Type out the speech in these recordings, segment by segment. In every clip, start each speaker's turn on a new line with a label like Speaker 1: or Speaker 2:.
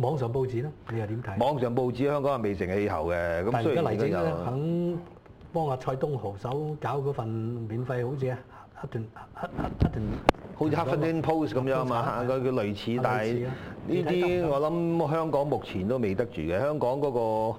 Speaker 1: 網上報紙咧，你又點睇？
Speaker 2: 網上報紙香港係未成氣候嘅，咁但雖然咧就肯
Speaker 1: 幫阿蔡東豪手搞嗰份免費好似啊一段一段一段
Speaker 2: 好似 Huffington Post 咁樣啊嘛，佢佢、嗯、類似，但係呢啲我諗香港目前都未得住嘅，香港嗰、那個。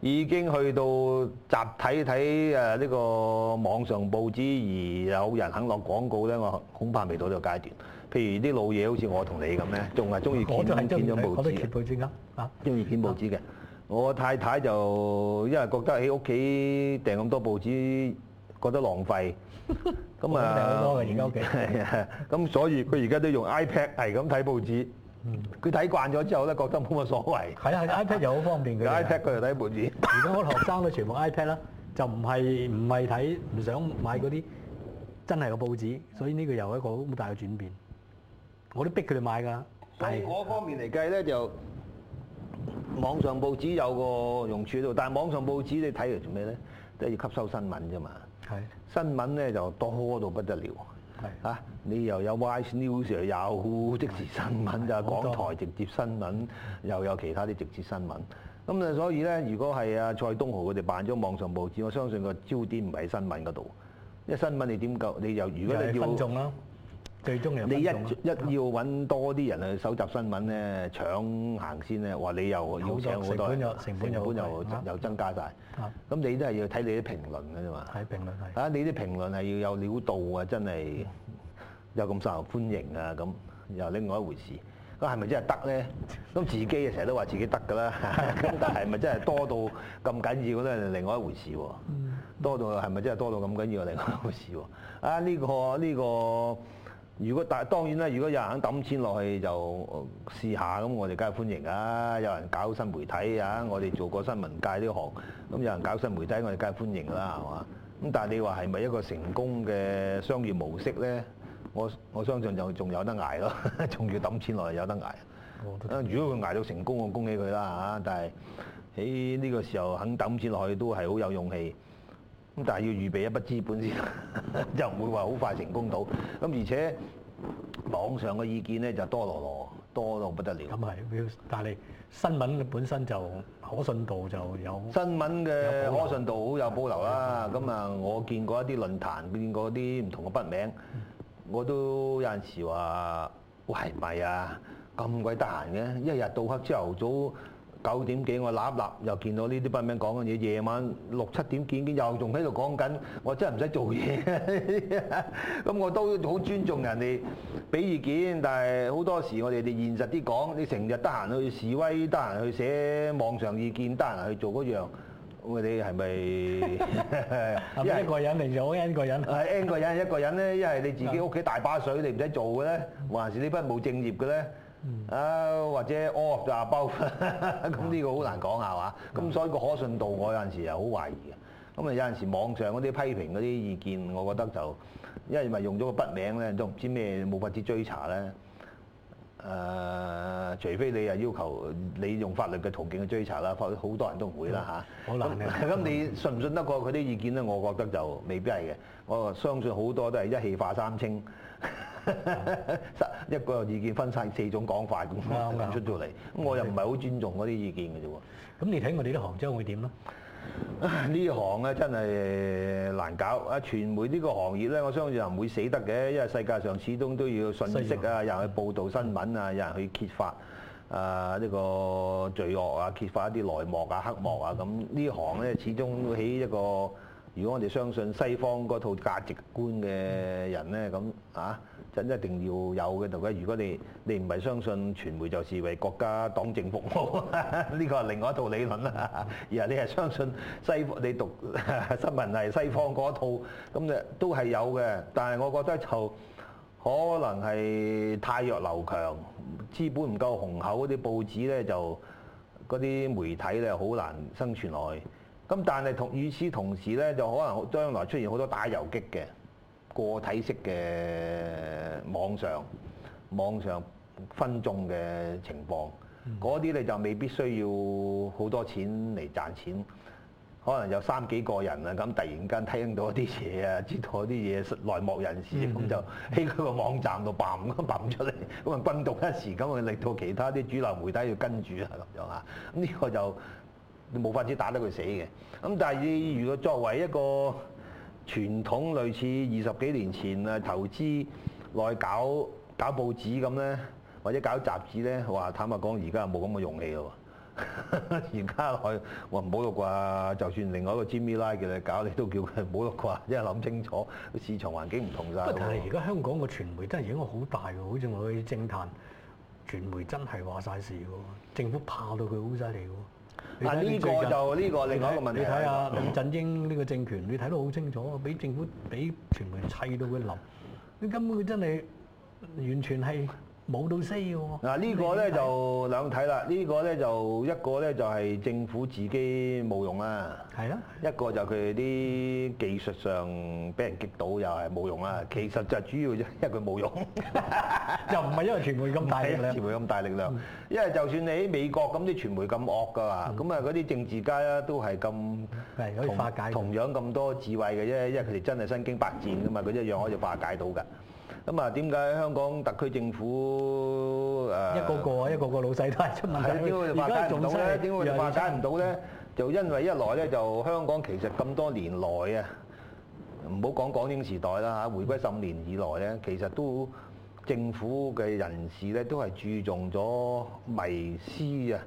Speaker 2: 已經去到，到集體睇誒呢個網上報紙，而有人肯落廣告咧，我恐怕未到呢個階段。譬如啲老嘢好似我同你咁咧，仲係中意剪咗報紙。我都係中意，我都剪
Speaker 1: 報紙㗎啊，中意
Speaker 2: 剪報紙嘅。我太太就因為覺得喺屋企訂咁 多報紙覺得浪費，咁啊，訂好多嘅而家屋企。咁所以佢而家都用 iPad 係咁睇報紙。嗯，佢睇慣咗之後咧，覺得冇乜所謂。
Speaker 1: 係啊，係 iPad 又好方便嘅。iPad 佢又睇報紙。而 家學生咧，全部 iPad 啦，就唔係唔係睇，唔想買嗰啲真係嘅報紙。所以呢個又係一個好大嘅轉變。我都逼佢哋買㗎。但
Speaker 2: 係嗰方面嚟計咧， 就網上報紙有個用處喺度，但係網上報紙你睇嚟做咩咧？都要吸收新聞啫嘛。係的。新聞咧就多到不得了。嚇！ 你又有 wise News 又有即時新聞就 港台直接新聞， 又有其他啲直接新聞。咁啊，所以咧，如果係啊蔡東豪佢哋辦咗網上報紙，我相信個焦點唔係喺新聞嗰度，因為新聞你點夠，你又如果你要。就係分眾啦。
Speaker 1: 最終你一
Speaker 2: 一要揾多啲人去搜集新聞咧，搶行先咧，哇！你又要請好多成，成本又又有增加晒。咁、啊、你都係要睇你啲評論嘅啫嘛。睇評論係。啊！的你啲評論係要有料度啊，真係有咁受歡迎啊，咁又另，是是另外一回事。咁係咪真係得咧？咁自己成日都話自己得㗎啦。但係咪真係多到咁緊要咧？係另外一回事喎。多到係咪真係多到咁緊要？另外一回事喎。啊！呢個呢個。呢個呢個呢個如果但係當然啦，如果有人肯抌錢落去就試下，咁我哋梗係歡迎啊！有人搞新媒體啊，我哋做過新聞界呢行，咁有人搞新媒體，我哋梗係歡迎啦，係嘛？咁但係你話係咪一個成功嘅商業模式呢？我我相信就仲有得挨咯，仲要抌錢落去，有得挨。哦、如果佢挨到成功，我恭喜佢啦嚇！但係喺呢個時候肯抌錢落去都係好有勇氣。咁但係要預備一筆資本先， 就唔會話好快成功到。咁而且網上嘅意見咧就多羅羅，多到不得了。
Speaker 1: 咁係，但係新聞本身就可信度就有。新
Speaker 2: 聞嘅可信度好有保留啦。咁啊，嗯、我見過一啲論壇，見過啲唔同嘅筆名，嗯、我都有陣時話：喂，咪啊，咁鬼得閒嘅，一日到黑朝頭早。」九點幾我揦揦又見到呢啲筆名講嘅嘢，夜晚六七點見見又仲喺度講緊，我真係唔使做嘢，咁 我都好尊重人哋俾意見，但係好多時我哋哋現實啲講，你成日得閒去示威，得閒去寫網上意見，得閒去做嗰樣，我哋係咪一
Speaker 1: 個人定做 n 個
Speaker 2: 人？係 n 個人，一個人咧，一係你自己屋企大把水，你唔使做嘅咧，還是呢班冇正業嘅咧？啊，或者哦，就包咁，呢個好難講嚇嘛，咁、嗯、所以個可信度我有陣時又好懷疑嘅，咁啊有陣時網上嗰啲批評嗰啲意見，我覺得就因為咪用咗個筆名咧，都唔知咩冇法子追查咧。誒、呃、除非你又要求你用法律嘅途徑去追查啦，好多人都唔會啦吓，好、啊嗯、那難嘅、啊。咁你信唔信得過佢啲意見咧？我覺得就未必係嘅。我相信好多都係一氣化三清。 一個意見分曬四種講法咁出到嚟，咁我又唔係好尊重嗰啲意見
Speaker 1: 嘅啫喎。咁、嗯嗯、已你睇我哋啲行政會點啊，
Speaker 2: 呢 行咧真係難搞啊！傳媒呢個行業咧，我相信又唔會死得嘅，因為世界上始終都要信息啊，有人去報道新聞啊，有人去揭發啊呢個罪惡啊，揭發一啲內幕啊、黑幕啊。咁呢、嗯、行咧，始終起一個。如果我哋相信西方嗰套價值觀嘅人咧，咁啊就一定要有嘅，同佢。如果你你唔係相信傳媒，就是為國家黨政服務，呢個係另外一套理論啦。而後你係相信西方，你讀新聞係西方嗰套，咁就都係有嘅。但係我覺得就可能係太弱留強，資本唔夠雄厚嗰啲報紙咧，就嗰啲媒體咧好難生存落去。咁但係同與此同時咧，就可能將來出現好多打遊擊嘅個體式嘅網上網上分眾嘅情況，嗰啲你就未必需要好多錢嚟賺錢，可能有三幾個人啊咁，突然間聽到一啲嘢啊，知道一啲嘢內幕人士咁、嗯嗯、就喺佢個網站度嘭咁嘭出嚟，咁啊轟動一時，咁啊令到其他啲主流媒體要跟住啊咁樣啊，咁、這、呢個就～你冇法子打得佢死嘅，咁但係你如果作為一個傳統類似二十幾年前啊投資內搞搞報紙咁咧，或者搞雜誌咧，話坦白講，而家冇咁嘅勇氣咯。而家我話唔好咯啩，就算另外一個 Jimmy Lai 嘅你搞，你都叫佢唔好咯啩，因為諗清楚市場環境唔同晒。但係而
Speaker 1: 家香港個傳媒真係影響好大喎，好似我去政壇，傳媒真係話晒事喎，政府怕到佢好犀利喎。嗱，呢個就呢、是、個看另外一個問題。你睇下林振英呢個政權，嗯、你睇到好清楚，俾政府俾全民砌到佢冧。你根本佢真係完全係。冇到西嘅
Speaker 2: 喎。嗱，呢個咧就兩睇啦，呢個咧就一個咧就係政府自己冇用啦。係咯。一個就佢啲技術上俾人激到又係冇用啦。其實就主要因為佢冇用，
Speaker 1: 就唔係因為傳媒咁大力量。唔係傳
Speaker 2: 媒咁大力量，因為就算你喺美國咁啲傳媒咁惡噶啦，咁啊嗰啲政治家啦都係咁同同樣咁多智慧嘅啫，因為佢哋真係身經百戰噶嘛，佢一樣可以化解到㗎。咁啊？點解解香港特區政府誒一個個、呃、一
Speaker 1: 個個老細都係出問題？點解會化解唔到咧？點解會化
Speaker 2: 解唔到咧？越越就因為一來咧，就香港其實咁多年來啊，唔好講港英時代啦嚇，回歸十五年以來咧，其實都政府嘅人士咧都係注重咗迷思啊。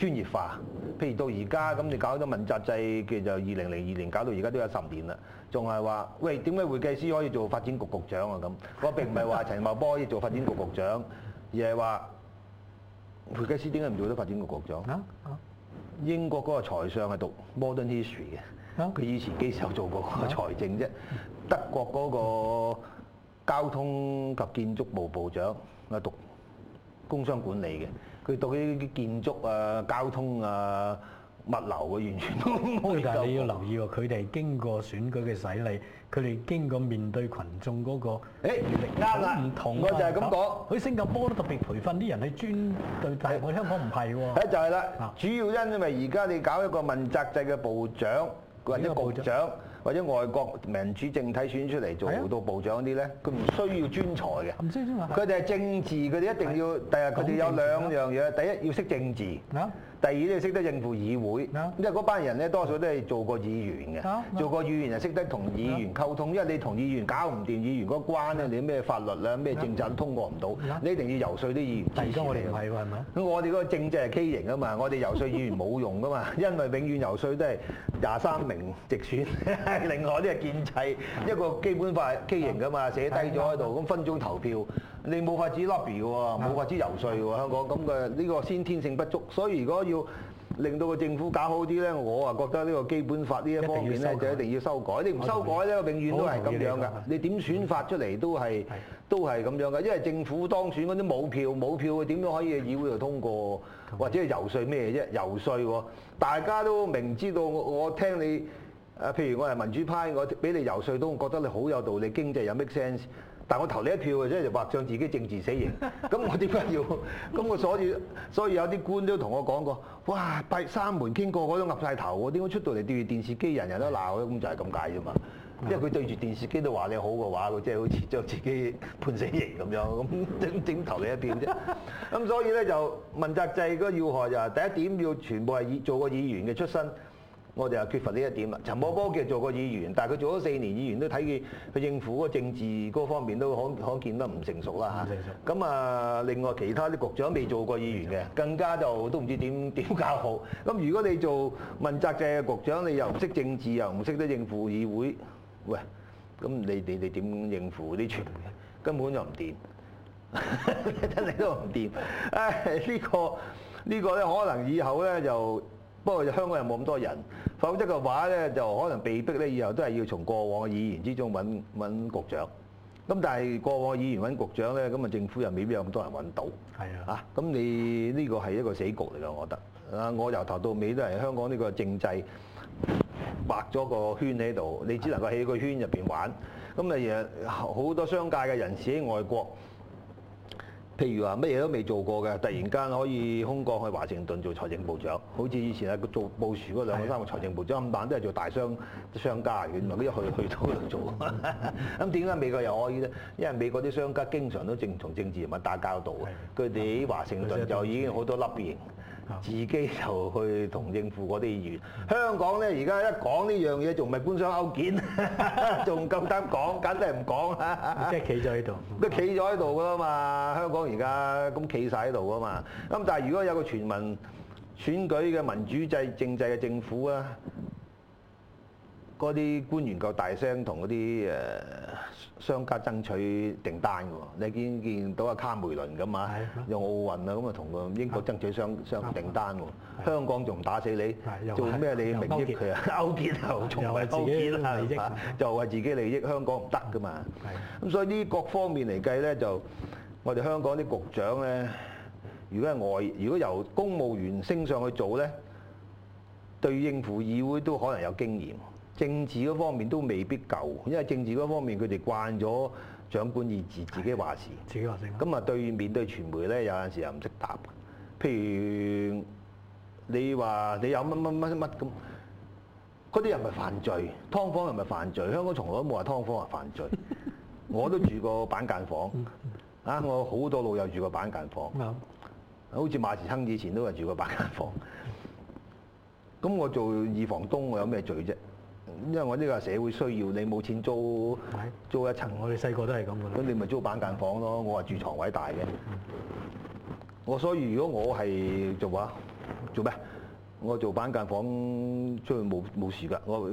Speaker 2: 專業化，譬如到而家咁，你搞咗問責制，其實就二零零二年搞到而家都有十年啦。仲係話，喂，點解會計師可以做發展局局長啊？咁我並唔係話陳茂波可以做發展局局長，而係話會計師點解唔做得發展局局長，啊英國嗰個財相係讀 Modern History 嘅，佢、啊、以前幾時候做過個財政啫。德國嗰個交通及建築部部長，係讀。工商管理嘅，佢對啲建築啊、交通
Speaker 1: 啊、物流，啊，完全都冇。但係你要留意喎，佢哋經過選舉嘅洗禮，佢哋經過面對羣眾嗰個，誒、欸，啱啦，唔同啦，我就係咁講。佢、啊、新加坡都特別培訓啲人係專對。是但係我香港唔係喎。就係、是、啦，啊、主
Speaker 2: 要因為而家你搞一個問責制嘅部長或者部長。或者外國民主政體選出嚟做好多部長啲咧，佢唔的需要專才嘅。唔需要專才。佢哋係政治，佢哋一定要。第日佢哋有兩樣嘢，的第一要識政治。啊？第二咧識得應付議會， 因為嗰班人咧多數都係做過議員嘅， 做過議員就識得同議員溝通，因為你同議員搞唔掂議員嗰關你咩法律啦咩政策都通過唔到，你一定要游説啲議員支持 而家我哋唔係喎，係咪？咁我哋嗰個政制係畸形啊嘛，我哋游説議員冇用噶嘛，因為永遠游説都係廿三名直選， 另外啲係建制 一個基本法係畸形噶嘛，寫低咗喺度，咁分鐘投票。你冇法子 lobby 嘅喎，冇法子游説嘅喎，香港咁嘅呢個先天性不足，所以如果要令到個政府搞好啲呢，我啊覺得呢個基本法呢一方面呢，就一定要修改，你唔修改呢，永遠都係咁樣噶，你點選法出嚟都係都係咁樣噶，因為政府當選嗰啲冇票冇票，點樣可以議會度通過或者游説咩啫？游説喎，大家都明知道我我聽你，啊，譬如我係民主派，我俾你遊説到，我覺得你好有道理，經濟有 make sense，但係我投你一票，嘅啫，就畫上自己政治死刑，咁 我點解要？咁我所以所以有啲官都同我講過，哇，閉三門經過嗰種岌晒頭，我點解出到嚟對住電視機，人人都鬧，咁就係咁解啫嘛。因為佢對住電視機都話你好嘅話，即係好似將自己判死刑咁樣，咁整點投你一票啫？咁 所以咧就問責制嗰個要害就係、是、第一點，要全部係以做個議員嘅出身。我哋又缺乏呢一點啦。陳茂波其實做過議員，但係佢做咗四年議員都睇見佢應付個政治嗰方面都可可見得唔成熟啦嚇。咁啊，另外其他啲局長未做過議員嘅，更加就都唔知點點搞好。咁如果你做問責制嘅局長，你又唔識政治，又唔識得應付議會，喂，咁你哋你點應付啲傳媒？根本就唔掂，真係 都唔掂。唉、哎，呢、這個呢、這個咧，可能以後咧就～不過香港又冇咁多人，否則嘅話咧就可能被逼咧以後都係要從過往嘅議員之中揾揾局長。咁但係過往嘅議員揾局長咧，咁啊政府又未必有咁多人揾到。係的啊，嚇，咁你呢個係一個死局嚟㗎，我覺得。啊，我由頭到尾都係香港呢個政制畫咗個圈喺度，你只能夠喺個圈入邊玩。咁啊的，好多商界嘅人士喺外國。譬如話乜嘢都未做過嘅，突然間可以空降去華盛頓做財政部長，好似以前啊，做部署嗰兩個三個財政部長咁，但都係做大商商家原來一去 去到嗰度做。咁點解美國又可以咧？因為美國啲商家經常都正同政治人物打交道嘅，佢哋喺華盛頓就已經好多粒型。自己就去同政府嗰啲議員，香港呢，而家一講呢樣嘢，仲唔係官商勾結，仲咁膽講，簡直係唔講啦！ 即係企咗喺度，企咗喺度㗎嘛，香港而家咁企晒喺度㗎嘛。咁但係如果有個全民選舉嘅民主制政制嘅政府啊，嗰啲官員夠大聲，同嗰啲誒商家爭取訂單嘅喎。你見見到阿卡梅倫咁啊，用的奧運啊咁啊，同個英國爭取商商、啊、訂單喎。啊、香港仲唔打死你，啊、做咩你名益佢啊？勾結， 結又仲來又自己利益，就為、啊啊、自己利益。香港唔得嘅嘛。咁、啊啊、所以呢各方面嚟計咧，就我哋香港啲局長咧，如果係外，如果由公務員升上去做咧，對應付議會都可能有經驗。政治嗰方面都未必夠，因為政治嗰方面佢哋慣咗長官意志自己話事，自己話事。咁啊對面對傳媒咧，有陣時又唔識答。譬如你話你有乜乜乜乜咁，嗰啲又咪犯罪，劏房又咪犯罪。香港從來都冇話劏房係犯罪。 我都住過板間房，啊， 我好多老友住過板間房， 好似馬時亨以前都係住過板間房。咁 我做二房東，我有咩罪啫？因為我呢個係社會需要，你冇錢租的租一層，我哋細個都係咁嘅。咁你咪租板間房咯，的我話住床位大嘅。我、嗯、所以如果我係做話做咩？我做板間房出去冇冇事㗎。我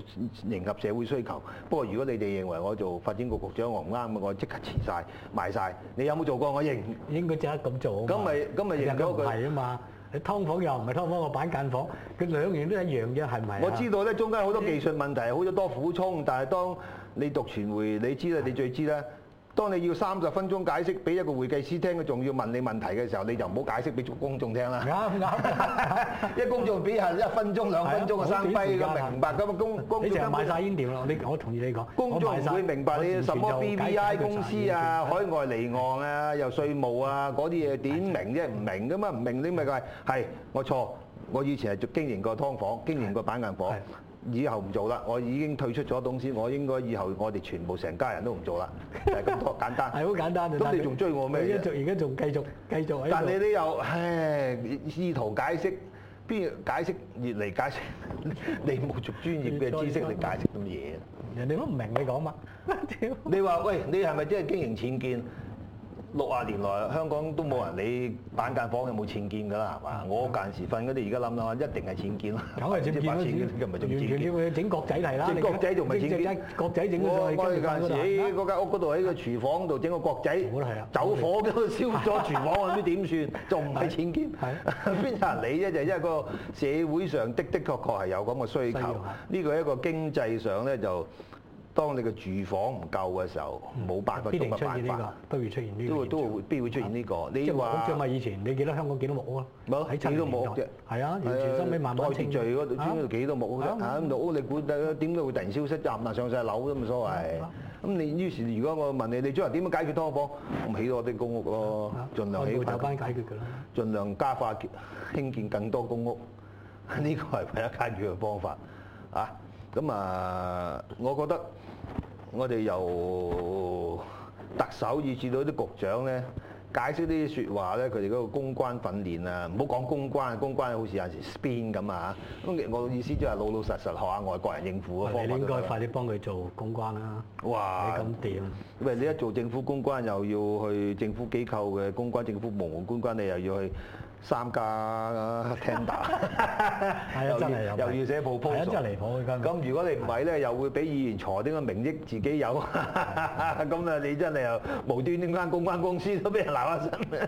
Speaker 2: 迎合社會需求。不過如果你哋認為我做發展局局長我唔啱嘅，我，我即刻辭晒，賣晒。你有冇做過？我認
Speaker 1: 應該即刻咁做。咁咪咁咪認咗佢？係啊嘛。你劏房又唔係劏房，我板間房，佢兩樣都一樣嘅，係咪？我知道
Speaker 2: 咧，中間好多技術問題，好多多苦衷，但係當你讀傳媒，你知啦，你最知啦。當你要三十分鐘解釋俾一個會計師聽，佢仲要問你問題嘅時候，你就唔好解釋俾公眾聽啦。啱啱，一公眾俾閒一
Speaker 1: 分鐘兩分鐘就生飛咁明白，咁公公公眾唔會明白你什麼 BBI 公司啊、海
Speaker 2: 外離岸啊、又稅務啊嗰啲嘢點明啫？唔明噶嘛？唔明先咪佢係我錯。我以前係做經營過劏房，經營過板間房。以後唔做啦，我已經退出咗董事，我應該以後我哋全部成家人都唔做啦，咁、就係、多簡單。係好 簡單啊！咁你仲追我咩？而
Speaker 1: 家仲繼續，繼續。但你啲
Speaker 2: 又唉，意圖解釋，邊？解釋越嚟解釋，你冇做專業嘅知識嚟 解
Speaker 1: 釋啲嘢。人哋都唔明你講乜。
Speaker 2: 你話喂，你係咪真係經營僭建？六十年來，香港都冇人理板間房有冇錢建㗎啦，係嘛？我間時瞓嗰啲，而家諗諗，一定
Speaker 1: 係錢建啦。梗係錢建，唔係完全整，咪整國仔係啦。整國仔仲唔係錢建？國仔整咗喺中間嗰度，
Speaker 2: 嗰間屋嗰度喺個廚房度整個國仔。好啊。走火都燒咗廚房，唔知點算？仲唔係錢建？邊有人理啫？就因為個個社會上的的確確係有咁嘅需求。呢個係一個經濟上咧就。當你嘅住房唔夠嘅時候，冇辦法。必然出現呢個，
Speaker 1: 都會出現呢個。都會
Speaker 2: 都會必然會出現呢個。你話，即係講埋
Speaker 1: 以前，你記得香港幾多木屋啊？冇幾多木屋啫。係啊，完全身尾慢慢清。堆積聚嗰度，嗰度幾
Speaker 2: 多木屋啊？啊，啲屋你估點解會突然消失？噉啊，上曬樓都冇所謂。咁你於是，如果我問你，你將來點樣解決劏房？起多啲公屋咯，儘量起。會有班解決㗎啦。儘量加快興建更多公屋，呢個係第一解決嘅方法。啊，咁啊，我覺得。我哋由特首以至到啲局長咧，解釋啲説話咧，佢哋嗰個公關訓練啊，唔好講公關，公關好似有陣時 spin 咁啊。咁我意思就係老老實實學下外國人應付嘅方法。你應該快啲
Speaker 1: 幫佢做公關啦！
Speaker 2: 哇嘩，咁點？喂，你一做政府公關，又要去政府機構嘅公關，政府部門公關，你又要去。三家聽打，又
Speaker 1: 要又要寫
Speaker 2: 報鋪數，咁如果你唔係咧，又會俾議員坐啲個名益自己有，咁啊你真係又無端端間公關公司都俾人鬧一身。